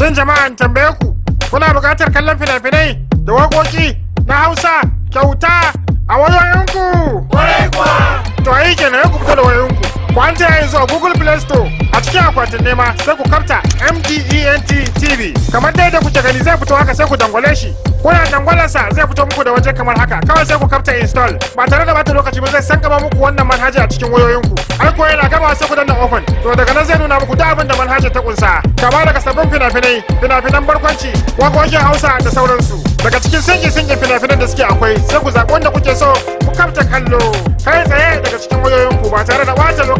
Shin jama'an tambaye ku kuna buƙatar kallon fina-finai da waƙoƙi na Hausa kyauta a wayoyinku? Kwarai kuwa! To ayi kenan ya ku fito da wayoyinku. ku yanzu a google play store a cikin akwatin nema sai ku karta mdent tv kamar dai da kuke gani zai fito haka sai ku dangwale shi kuna dangwalarsa zai fito muku da waje kamar haka kawai sai ku kafta install ba tare da bata lokaci ba zai san gaba muku wannan manhaja a cikin wayoyinku har ko yana gaba sai ku danna open to daga nan zai nuna muku duk abin da manhaji ta kunsa kama daga sabbin fina-finai fina-finan barkwanci wakokin hausa da sauransu daga cikin singe-singe fina-finan da suke akwai sai ku zaɓi wanda kuke so ku karta kallo kai tsaye daga cikin wayoyinku ba tare da bata lokaci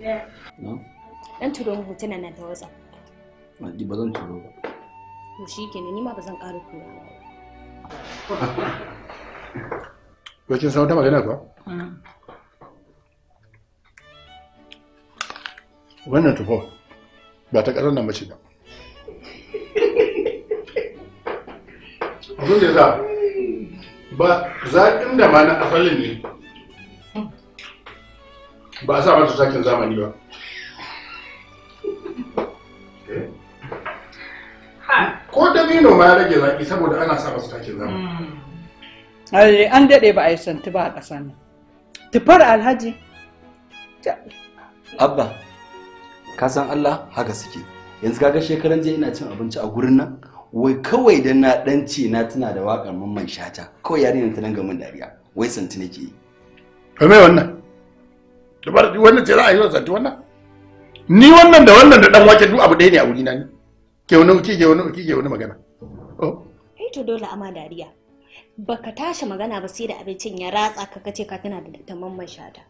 na dan turo mu ta wasa Adi ba zan turo ba to ni ma ba zan ƙara tura ba ko kin san wata magana ba mm. wannan tufo ba ta nan mace ba abin da za ba zaƙin da ma na afalin ne ba a sa mata takin zamani ba eh? ko dabino ma ya rage zaki saboda ana sa masa takin zamani hmm. an daɗe ba a yi santi ba a ƙasa nan tufar alhaji abba ka san allah haka suke yanzu kaga shekaran jiya ina cin abinci a gurin nan wai kawai da na dan ce na tuna da waƙar mamman shata kawai yarinyar ta nan gamin dariya wai santi nake yi. mai wannan? dubar wannan ce za a yi wa wannan ni wannan da wannan da dan wake duk abu ɗaya ne a wuri na ni ke wani uki ke wani uki ke wani magana oh eh to dole ama dariya baka tashi magana ba sai da abincin ya ratsa ka kace ka tana da tamman man shata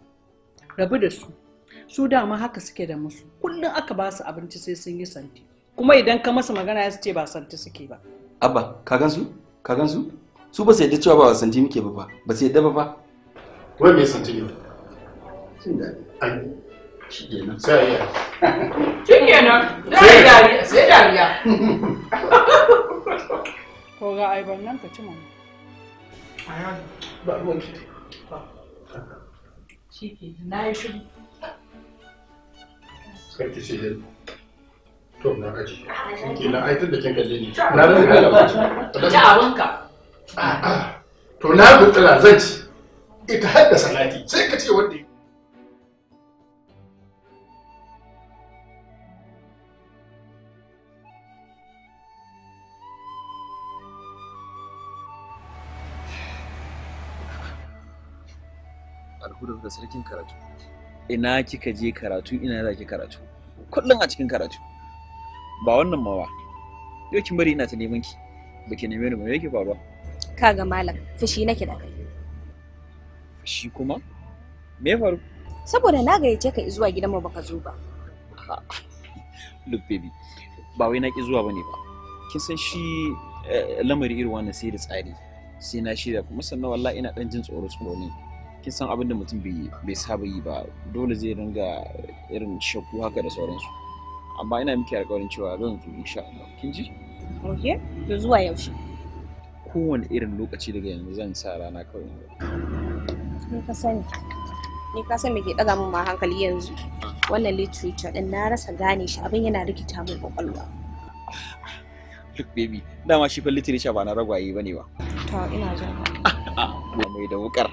rabu da su su dama haka suke da musu kullum aka ba su abinci sai sun yi santi kuma idan ka masa magana ya ce ba santi suke ba abba ka gan su ka gan su su ba su yadda cewa ba santi muke ba ba ba su yadda ba ba wai me santi ne sai a sai dariya sai dariya ba shi na ya sai to na aji shi kenan da kin kalle ni na rasa galabaci ta abinka ah, ah. to na gutsira zan ci ita haddasa lati sai ka ce wanda sarkin karatu ina kika je karatu ina za ki karatu kullum a cikin karatu ba wannan ma ba yau kin bari ina ta neman ki ki neme ni ba me yake faruwa kaga malam fushi nake da kai fushi kuma me faru saboda na gayyace ka zuwa gidanmu baka zo ba look baby ba wai na ki zuwa bane ba kin san shi eh, lamari irin wannan sai da tsari sai na shirya kuma sannan wallahi ina dan jin tsoro tsoro ne kin san abin da mutum bai saba yi ba dole zai ringa irin shakku haka da sauransu amma ina miki alƙawarin cewa zan zo insha Allah kin ji okay to zuwa yaushe kowane irin lokaci daga yanzu zan sa rana kawai ni ka sani ni ka san me ke daga min ma hankali yanzu wannan literature din na rasa gane shi abin yana rikita min kwakwalwa look baby dama shi fa literature ba na ragwaye bane ba to ina jin mai da wukar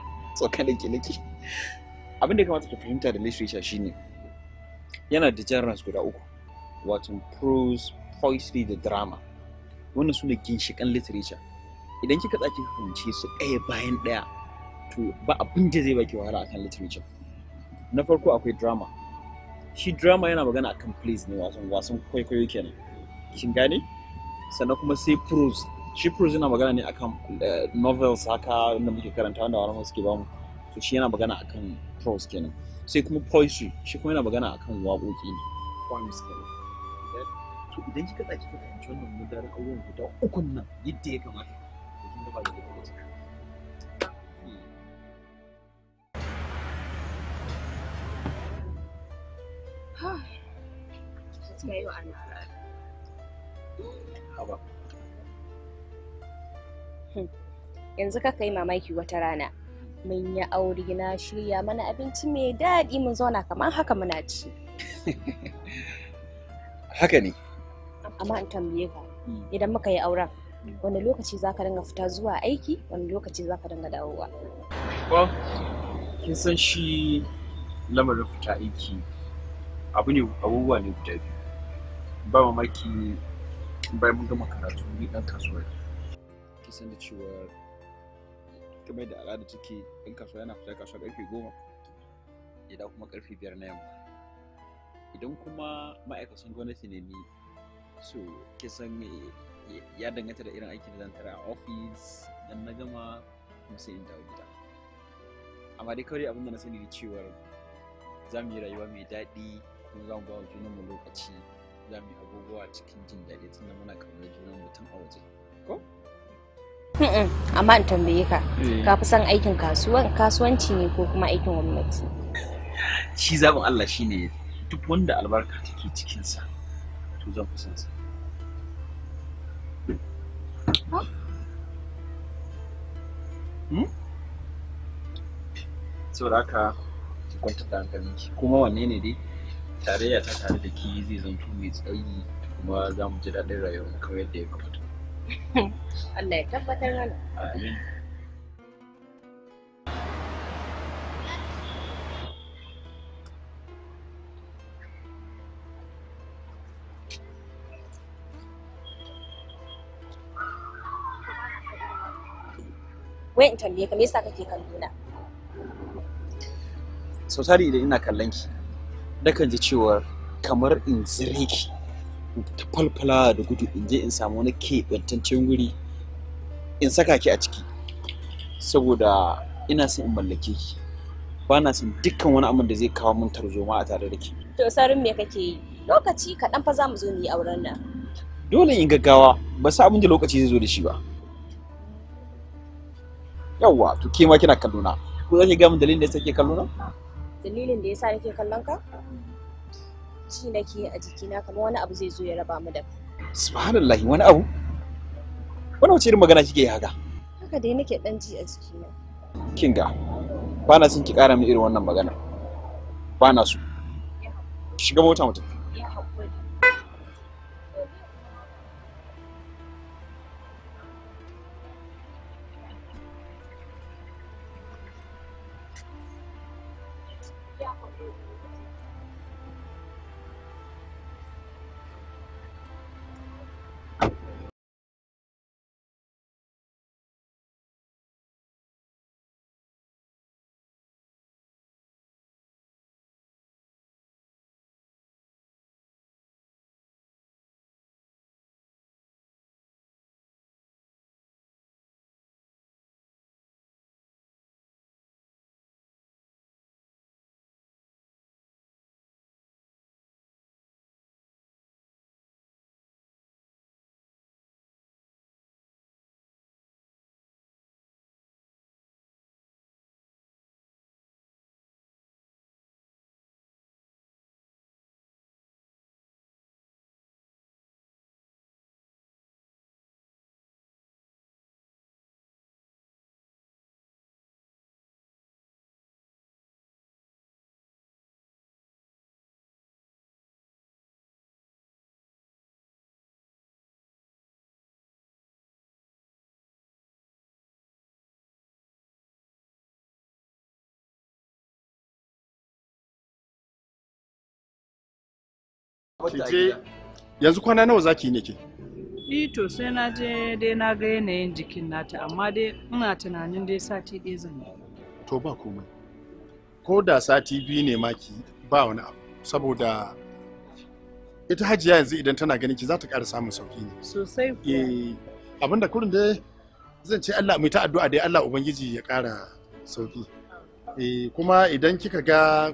abin da kamata ka fahimta da literature shine yana da genres guda uku wato prose poetry da drama wannan su ne ginshiƙan literature idan kika tsaki fahimci su ɗaya bayan ɗaya to ba abin da zai baki wahala akan literature na farko akwai drama shi drama yana magana akan plays ne wasan wasan kwaikwayo kenan kin gane sannan kuma sai prose shi Proust yana magana ne akan eh, novels haka wanda muke karanta wanda wani suke bamu to shi yana magana akan prose kenan sai kuma poetry shi kuma yana magana akan waƙoƙi ne poems kenan to idan kika tsaki kika fahimci wannan mudarin abubuwan guda ukun nan yadda ya kamata to kin ga ba da hmm. lokaci Haba. Hmm. yanzu ka kai mamaki wata rana mun yi aure na shirya mana abinci mai daɗi mun zauna kamar haka muna ci haka ne amma in tambaye ka hmm. idan muka yi auren hmm. wani lokaci za ka dinga fita zuwa aiki wani lokaci za ka dinga dawowa kin san shi lamarin fita aiki abu ne abubuwa ne guda biyu ba mamaki bayan mun gama karatu ni dan kasuwa ne ki san da cewa kamar da al'ada take ɗan kasuwa yana fita kasuwa ƙarfe goma ya kuma ƙarfe biyar na yamma idan kuma ma'aikacin gwamnati ne ni so ki san eh, ya danganta da irin aikin da zan tara a ofis dan na gama kuma sai in dawo gida amma dai kawai abin da na sani da cewa za mu yi rayuwa mai daɗi kuma za mu ba wa junanmu lokaci za mu yi abubuwa cikin jin daɗi tunda muna kamar junanmu tun a waje ko amma in tambaye ka mm. ka fi son aikin kasuwanci ne ko kuma aikin gwamnati shi zaɓin Allah shi ne duk wanda albarka take cikinsa to zan fi son sa oh. hmm? saboda haka ki kwanta da hankalinki kuma wanne ne dai tarayya ta tare da ki zai zanto mai tsayi kuma za mu ji daɗin rayuwar kamar yadda ya kamata Allah ya tabbatar mana. Wai in tambaye ka me yasa kake kallo na? Sau tari idan ina kallon ki, nakan ji cewa kamar in zire ki. ta falfalawa da gudu in je in samu wani keɓantaccen wuri in saka ki a ciki saboda ina son in mallake ki ba na son dukkan wani abin da zai kawo mun tarzoma a tare da ki to sarin me kake yi lokaci kaɗan fa za mu zo mu yi auren nan dole in gaggawa ba sa abin da lokaci zai zo da shi ba yawwa to ke ma kina kallona ko zaki ga mun dalilin da yasa ke kallona dalilin da yasa nake kallon ka ci nake a jikina kamar wani abu zai zo ya raba mu da subhanallahi wani abu wani wace irin magana kike yi haka haka dai nake dan ji a jikina kinga ba na son ki kara min irin wannan magana ba na so shiga mota mutum Kije yanzu kwana nawa zaki ne ke? Ni to sai na je dai na ga yanayin jikin nata amma dai ina tunanin dai sati ɗaya zan yi. To ba komai. Ko da sati biyu ne maki ba wani abu saboda ita hajiya yanzu idan tana ganin ki za ta ƙara samun sauki ne. Sosai ko. Eh abinda kurin dai zan ce Allah mai ta addu'a dai Allah ubangiji ya ƙara sauki. Eh kuma idan kika ga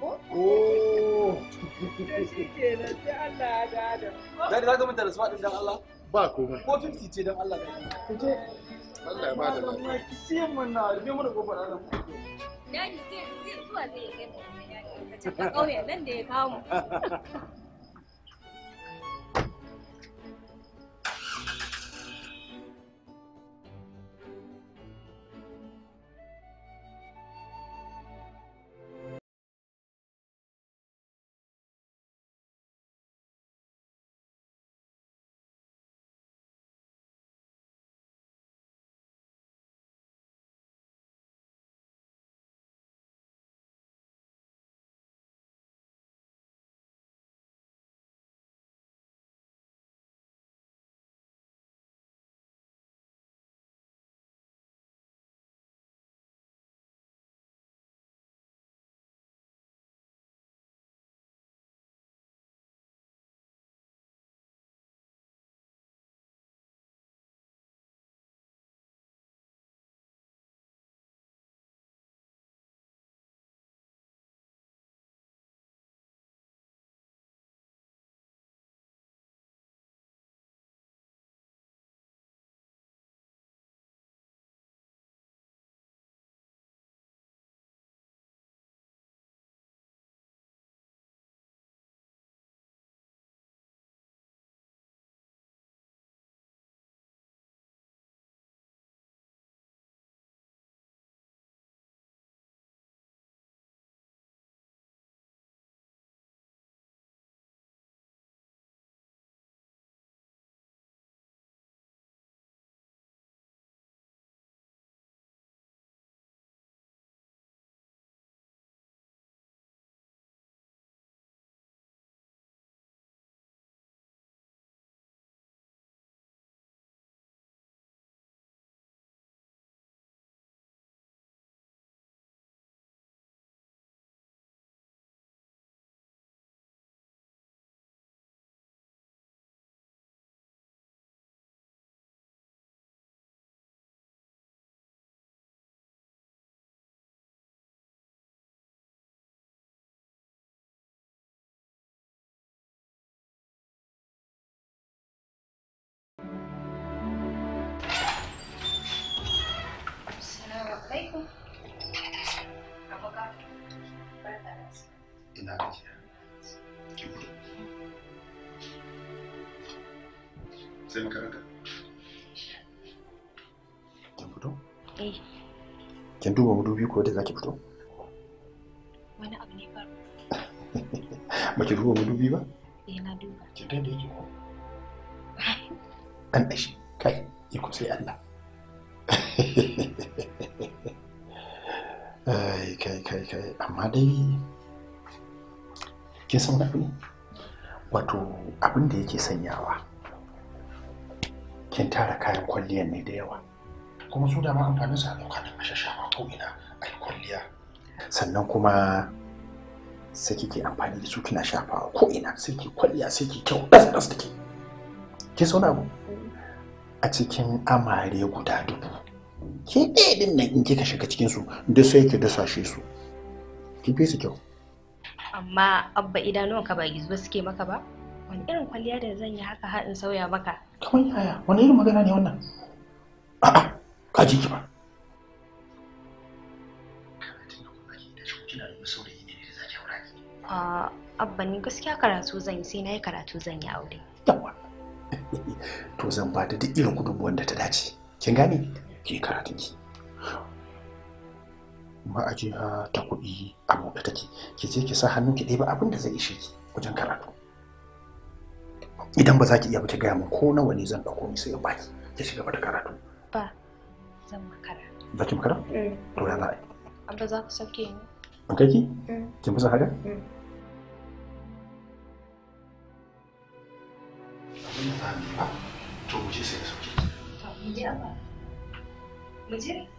ko? Oh. shi kenan sai Allah ya da da Allah? Ba komai. Ko 50 ce dan Allah. Kuce. Allah ya ba da lafiya. ya ce mun na ne mun gobe da Allah. Dadi ce zuwa zai kai Ka ta kauye nan da ya kawo kin duba madubi ko da zaki fito wani abu ne faru ba ki duba madubi ba eh na duba ki da da yake ko an dashi kai iko sai Allah ai kai kai kai amma dai kin san wani ne wato abin da yake sanyawa kin tara kayan kwalliyar ne da yawa kuma su dama amfanin su a ɗauka a shashafa ko ina a kwalliya sannan kuma sai kike amfani da su kina shafa ko ina sai ke kwalliya sai ke kyau ɗas ɗas take ke so na a cikin amare guda dubu ke ɗaya din nan in kika shiga cikin su da sai ki dasashe su ki fi su kyau amma abba ka ba gizo suke maka ba wani irin kwalliya da zan yi haka haɗin sauya maka kamar yaya wani irin magana ne wannan a'a ka ji ki ba ah, abba ni gaskiya karatu zan yi sai na yi karatu zan yi aure yawa to zan ba da duk irin gudunmuwan da ta dace kin gane ki karatun ki ma'ajiya ah, ta kuɗi a buɗe take ki je ki sa hannu ki ɗeba abin da zai ishe ki wajen karatu idan ba za ki iya ba ki gaya min ko nawa ne zan ɗauko ni sai in baki ki shiga da karatu zan makara za ki makara? Mm. to ya za a yi abba za ku sauke ni an kai ki? Mm. kin fi son haka? Mm. abin da ba to mu je sai da sauke ki to mu je ba. mu je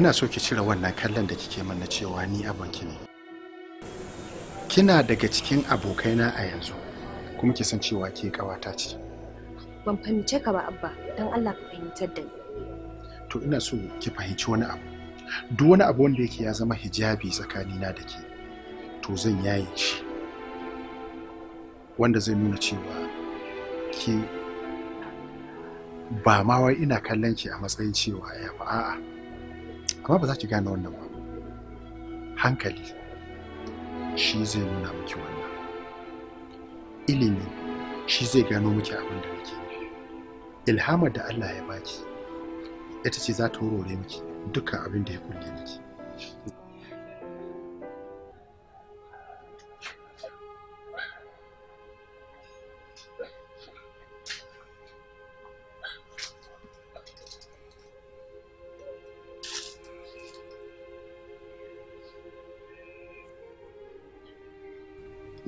ina so ki cire wannan kallon da kike mana cewa ni ki ne kina daga cikin abokaina a yanzu kuma ki san cewa ke kawata ce ban fahimce ka ba abba don allah ka fahimtar da ni to ina so ki fahimci wani abu duk wani abu wanda yake ya zama hijabi tsakanina da ke to zan yaye shi wanda zai nuna cewa ki ba ma wai ina kallon ki a matsayin cewa ya ba a'a amma ba za ki gane wannan ba hankali shi zai nuna miki wannan ilimi shi zai gano miki abin da nake ilhamar da Allah ya baki ita ce za ta horore miki dukkan abin da ya kulle miki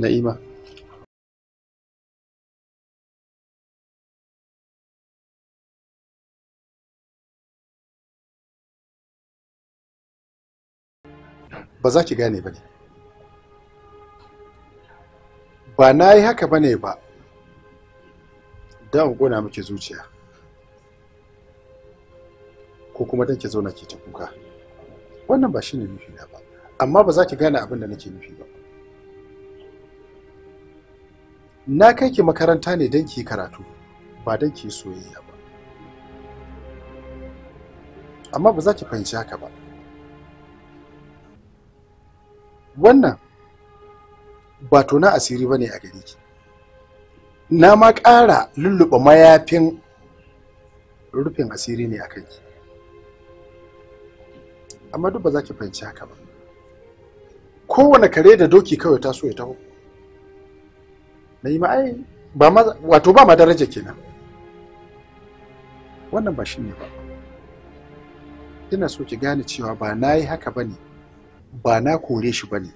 Na'ima ba za ki gane ba ne ba na yi haka ba ne ba don ƙona miki zuciya ko kuma don ki zauna ki ta kuka wannan ba shi ne nufi na ba amma ba za ki gane abin da nake nufi ba na kai ki makaranta ne don ki karatu ba don ki soyayya ba amma ba za ki fahimci haka ba wannan ba na asiri ba ne a gare ki na ma ƙara lulluɓa mayafin rufin asiri ne a kanki amma duk ba za ki fahimci haka ba kowane kare da doki kawai ta so ya taho Na'ima ai ba ma wato ba ma daraja kenan. Wannan ba shine ba. Ina so ki gane cewa ba na yi haka bane. Ba na kore shi bane.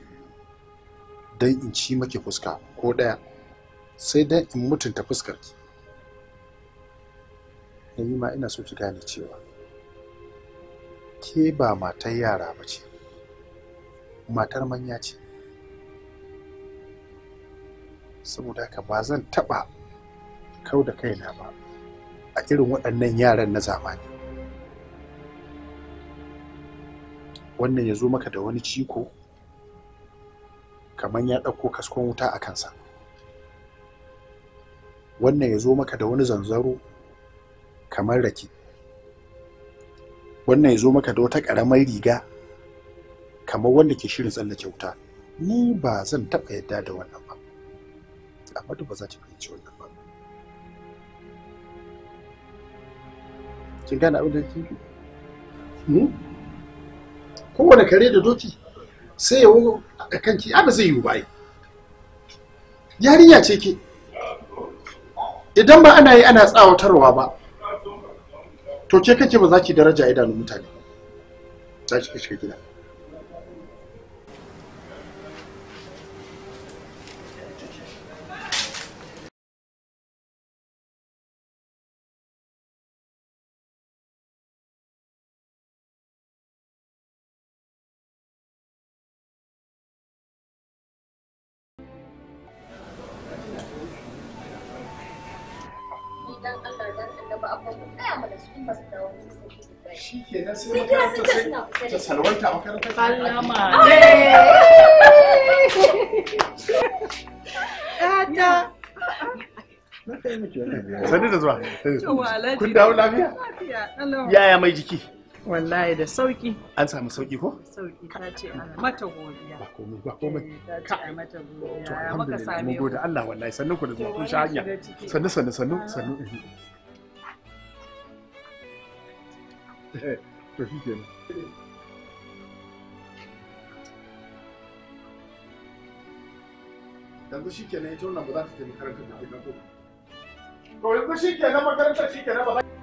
Dan in ci maki fuska ko daya. Sai dan in mutunta fuskar ki. Na yi ma ina so ki gane cewa ke ba matar yara ba ce. Matar manya ce. saboda haka ba zan taɓa kau da kaina ba a irin waɗannan yaran na zamani wannan ya zo maka da wani ciko kamar ya ɗauko kaskon wuta a kansa wannan ya zo maka da wani zanzaro kamar rake wannan ya zo maka da wata ƙaramar riga kamar wanda ke shirin tsallake wuta ni ba zan taɓa yadda da wannan Amadu ba za ta fahimci wannan ba. Kin gane abin da kike? Hmm? Kowane kare da doki sai ya wuce a kanki, ba zai yiwu ba ai. Yarinya ce ke. Idan ba ana yi ana tsawatarwa ba, to ke kake ba za ki daraja idanun mutane. Za ki kashe gida. sai da zuwa. Kun dawo lafiya? Yaya mai jiki? wallahi da sauki an samu sauki ko sauki ta ce ana mata godiya ba komai ba komai eh, ta ce mata godiya Allah wallahi sannan ku da zuwa kun sha hanya sannu sannu sannu sannu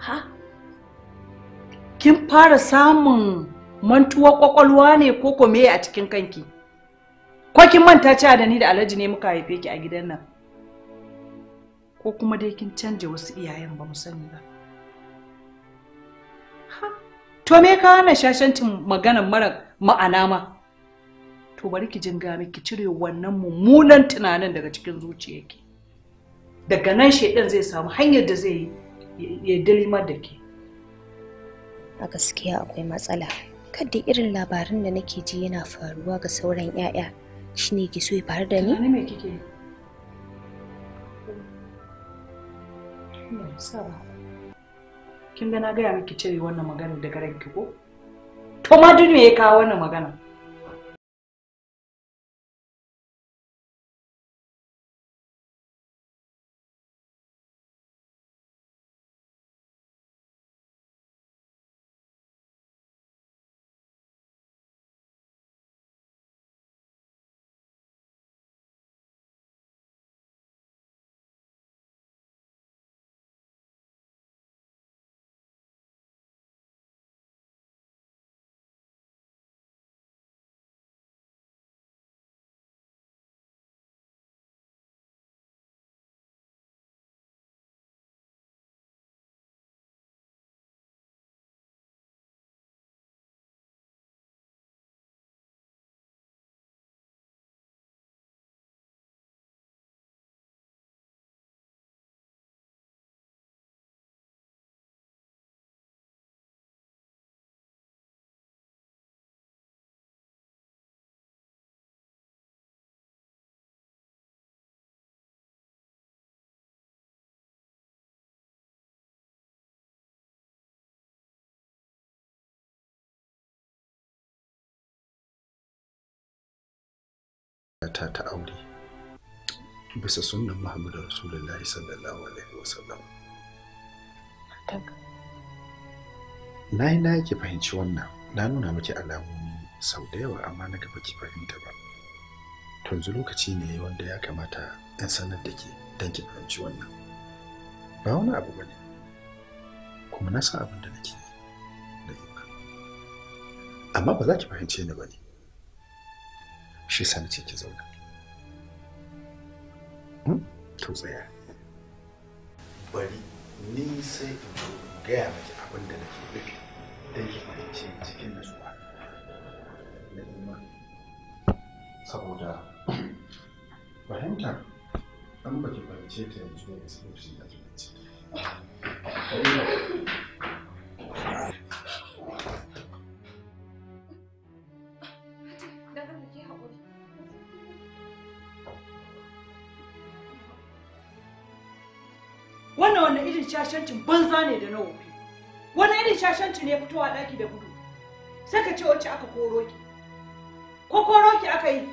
ha kin fara samun mantuwa kwakwalwa ne ko ko a cikin kanki ko kin manta cewa da ni da alhaji ne muka haife ki a gidan nan ko kuma dai kin canza wasu iyayen ba mu sani ba to me ka hana shashantin maganar mara ma'ana ma to bari ki jinga ki cire wannan mummunan tunanin daga cikin zuciyarki daga nan shedan zai samu hanyar da zai ya dalimar da ke a gaskiya akwai matsala kadda irin labarin da nake ji yana faruwa ga sauran 'ya'ya shine ke so ya faru da ni kin ga na gaya miki cire wannan maganar daga ranki ko to ma duniya ya kawo wannan magana Mata ta aure bisa sunnan Muhammadu Rasulullahi sallallahu alaihi wasallam. Na yi na ki fahimci wannan na nuna miki alamomi sau da yawa amma na gaba ki fahimta ba. Tunzu lokaci ne wanda ya kamata in sanar da ke don ki fahimci wannan. Ba wani abu ba ne, kuma na san abin da nake Amma ba za ki fahimce ni ba ne. shi sani ce ki zauna hmm? to tsaya bari ni sai in gaya miki abin da nake nufi don ki fahimci cikin nutsuwa saboda fahimtar an baki fahimce ta yanzu ne da sai ki ciki shashancin banza ne da na wofi wani irin shashanci ne fitowa ɗaki da gudu sai ka ce wacce aka koro ki ko koro ki aka yi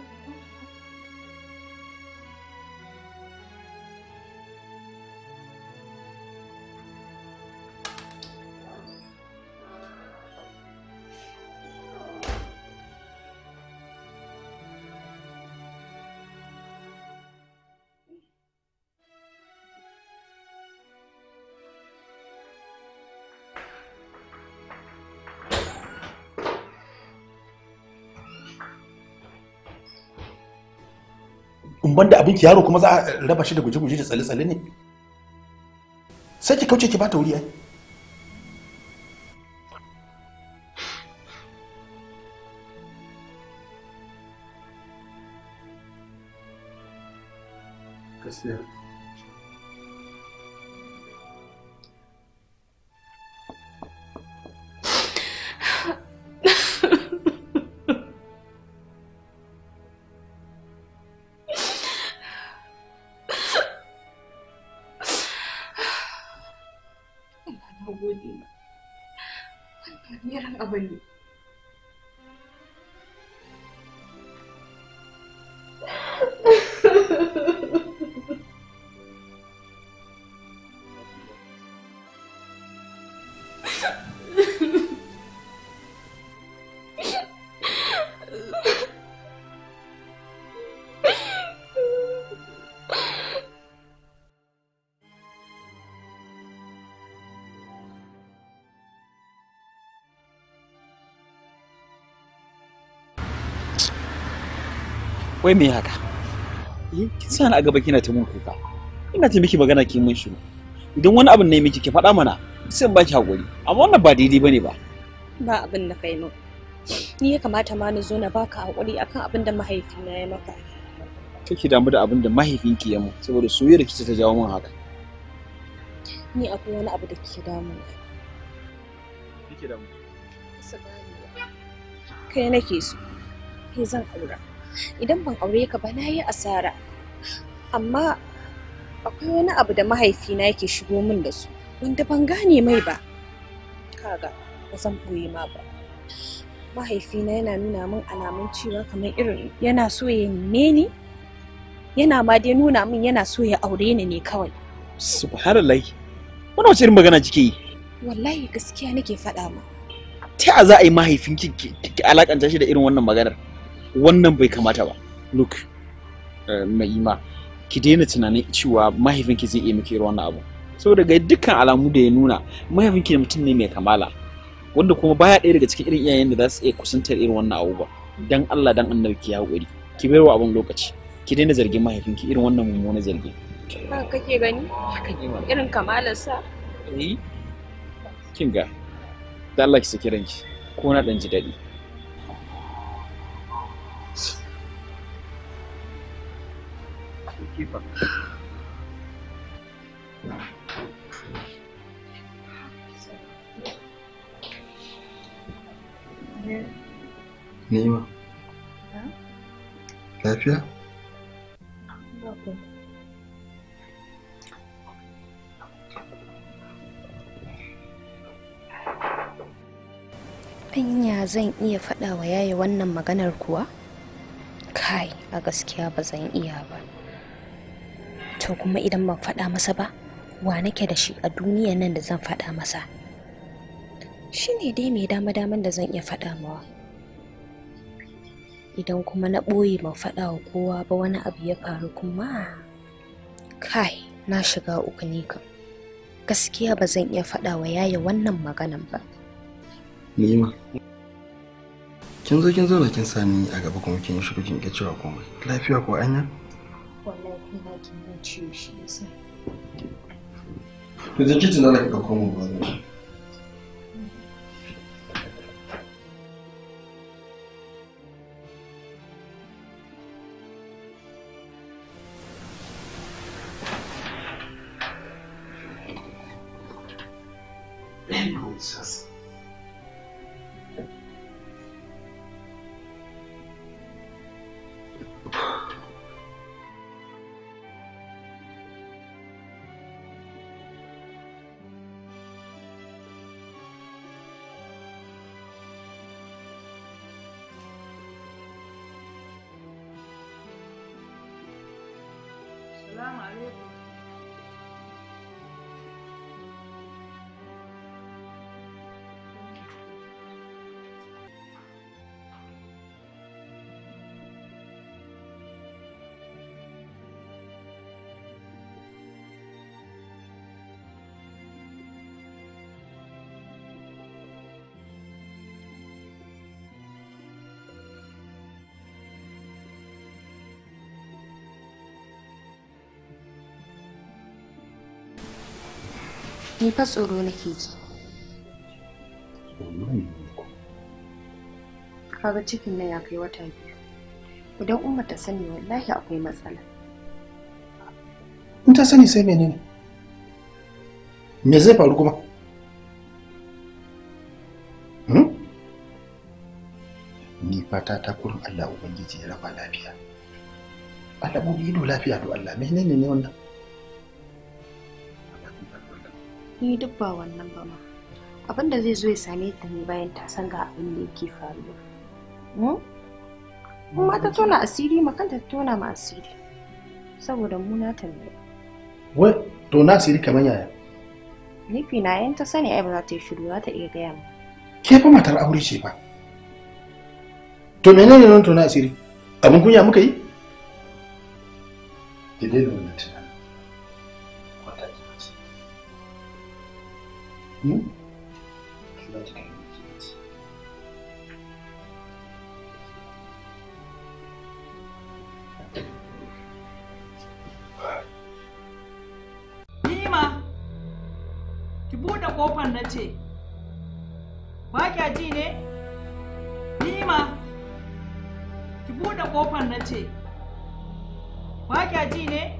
in banda abin ki yaro kuma za a raba shi da guje-guje da tsalle-tsalle ne sai ki kauce ki bata wuri ai wai me haka eh, kin sani a gaba kina ta mun kuka ina ta miki magana ki mun shiru idan wani abin ne miki ki faɗa mana sai in baki hakuri amma wannan ba daidai bane ba ba abin da kai ni ya kamata ma na zo na baka hakuri akan abin da mahaifina ya maka kake damu da abin da mahaifinki ya mun saboda soyayyar ki ta jawo min haka ni akwai wani abu da ke damu kike damu kai nake so kai zan aura idan ban aure ka ba na yi asara amma akwai wani abu da mahaifina yake shigo min da su wanda ban gane mai ba kaga ba zan boye ma ba mahaifina yana nuna min alamun cewa kamar irin yana so ya nime ni yana ma dai nuna min yana so ya aure ni ne kawai subhanallahi wani wace irin magana kike yi wallahi gaskiya nake faɗa ma ta za a yi mahaifin ki alakanta shi da irin wannan maganar wannan bai kamata ba look eh, na'ima ki daina tunanin cewa mahaifinki zai iya miki wannan abu saboda ga dukkan alamu da ya nuna mahaifinki mutum ne mai kamala wanda kuma baya ɗaya daga cikin irin iyayen da za su iya kusantar irin wannan abu ba dan Allah dan annabi ki haƙuri ki bai wa abin lokaci ki daina zargin mahaifinki irin wannan mummunan zargi haka kake gani irin kamalar sa eh kin ga da Allah ki saki ranki ko na dan ji daɗi Nima. Lafiya? Anya zan iya faɗa wa yaya wannan maganar kuwa? kai a gaskiya ba zan iya ba to kuma idan ban faɗa masa ba wa nake da shi a duniyan nan da zan faɗa masa shi ne dai mai dama daman da zan iya faɗa mawa idan kuma na ɓoye ban faɗa wa kowa ba wani abu ya faru kuma kai na shiga uku ne gaskiya ba zan iya faɗa wa yaya wannan maganan ba Nima. kin zo kin zo kin sani a gaba kuma kin shiru kin ga cewa komai lafiya ko anya wallahi na kin ciwo shi yasa to je kitchen da ka komo mu ba 干嘛呢？ni fa tsoro nake ji kaga cikin nan ya kai wata biyu idan umma ta sani wallahi akwai matsala in ta sani sai menene me zai faru kuma hmm? ni fata ta kurin Allah Ubangiji ya raba lafiya. Allah mu ido lafiya to Allah menene ne wannan? ni duk ba wannan ba ma abin da zai zo ya same ta ne bayan ta san ga abin da yake faruwa hmm? kuma ta tona asiri makanta ta tona ma asiri saboda mu na ta ne wai tona asiri kamar yaya nufi na yan ta sani ai ba za ta yi shiru za ta iya gaya ma. ke fa matar aure ce ba to menene nan tona asiri abin kunya muka yi ki daina wannan tunanin ki na Hm? Vielleicht kann ich jetzt. Nima! Ki buɗe ƙofar na ce. Ba kya ji ne? Nima! Ki buɗe ƙofar na ce. Ba kya ji ne?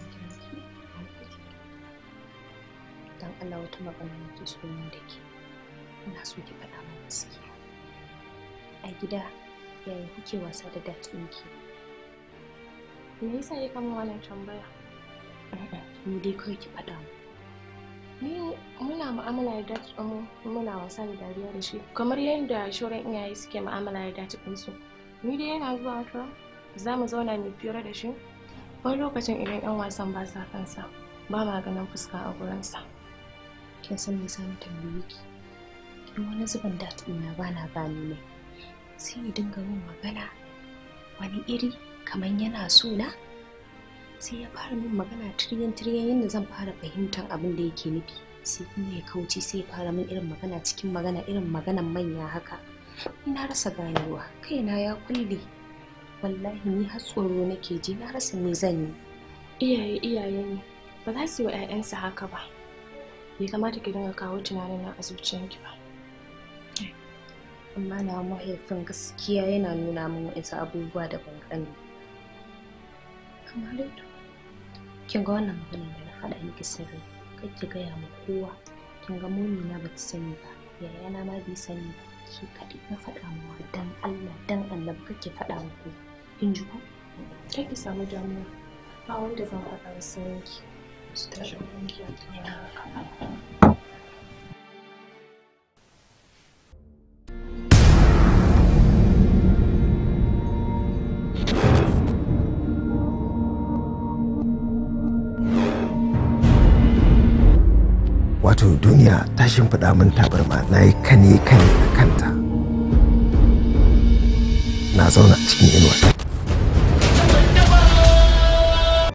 dan Allah wata magana nake so yin da ke ina so ki faɗa min gaskiya a gida yayin kuke wasa da dat ɗinki me yasa ya kama wannan tambaya ni dai kawai ki faɗa mu ni muna mu'amala da dat ɗinmu muna wasa da dariya da shi kamar yadda shauran iyaye suke mu'amala da dat ɗinsu ni dai yana zuwa wata za mu zauna mai fira da shi wani lokacin idan 'yan wasan ba sa kansa ba ma ganin fuska a gurinsa kin san me yasa na tambaye ki kin wani zuban da ina ba na gane ne sai ya dinga yin magana wani iri kamar yana so na sai ya fara min magana tiriyan tiriyan yadda zan fara fahimtar abin da yake nufi sai kuma ya kauce sai ya fara min irin magana cikin magana irin maganan manya haka ina rasa ganewa kaina ya kulle wallahi ni har tsoro nake ji na rasa me zan yi iyaye iyaye ne ba za su yi wa 'ya'yansu haka ba bai kamata ki dinga kawo tunanin nan a zuciyarki ba amma na mahaifin gaskiya yana nuna min isa abubuwa da ban gani kamar kin ga wannan magana da na faɗa miki sirri kai ki gaya ma kowa kin ga na ba ta sani ba yaya na ma bai sani ba ki ka na faɗa mawa dan Allah dan Allah ba kake faɗa muku in ji ku kai ki samu damuwa ba wanda zan faɗa wa sanki wato duniya ta shimfiɗa min tabarma na yi kane kane a kanta na zauna cikin inuwa